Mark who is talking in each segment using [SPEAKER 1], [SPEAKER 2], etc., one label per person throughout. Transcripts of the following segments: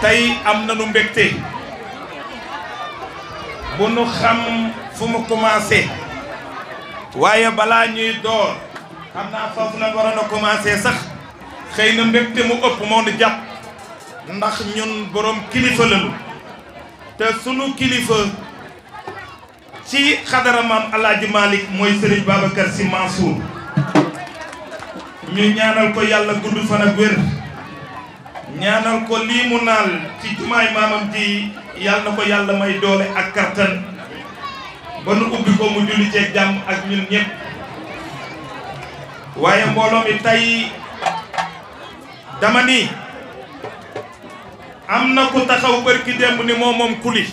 [SPEAKER 1] tey am nañu mbégte bu nu xam fu mu commencé waaye balaa ñuy door xam naa foofu la waroon a commencé sax xëy na mbégte mu ëpp moo di jàpp ndax ñun borom kilifa lañu te sunu kilifa ci xadara maam Alaaji Malick mooy Serigne Babacar Sy Mansour ñu ñaanal ko yàlla gudd fan ak wér ñaanal ko lii mu naal ci jumaay maamam ji yàlla ko yàlla may doole ak ba nu ubbi ko mu julli ceeg jàmm ak ñun ñëpp waaye mbooloo mi tey am na ku taxaw bërki démb ni moo kuli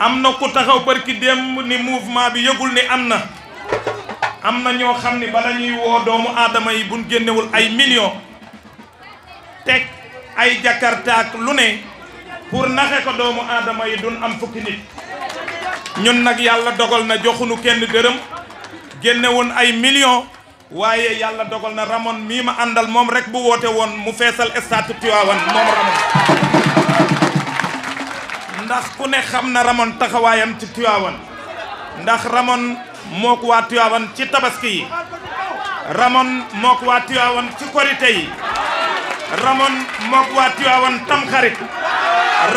[SPEAKER 1] am na ku taxaw bërki démb ni mouvement bi yëgul ni am na am na ñoo xam ni bala ñuy woo doomu aadama bu buñ génnewul ay million teg ay jakartaak lu ne pour naxe ko doomu aadama yi duñ am fukki ñun nag yàlla dogal na joxunu kenn dërëm génne woon ay millions waaye yàlla dogal na Ramon mii ma àndal moom rek bu woote woon mu feesal stade Tivaouane moom Ramon ndax ku ne xam na Ramon taxawaayam ci Tivaouane ndax Ramon mook waa Tivaouane ci tabaski yi Ramon mook waa Tivaouane ci korité yi Ramon mook waa Tivaouane tamxarit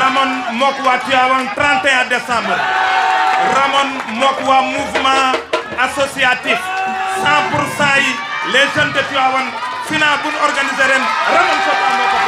[SPEAKER 1] Ramon mook waa Tivaouane 31 décembre Ramon mook waa mouvement associatif 100 pour cent de Tivaouane final bu ñu organisé ren Ramon Sokane moo ko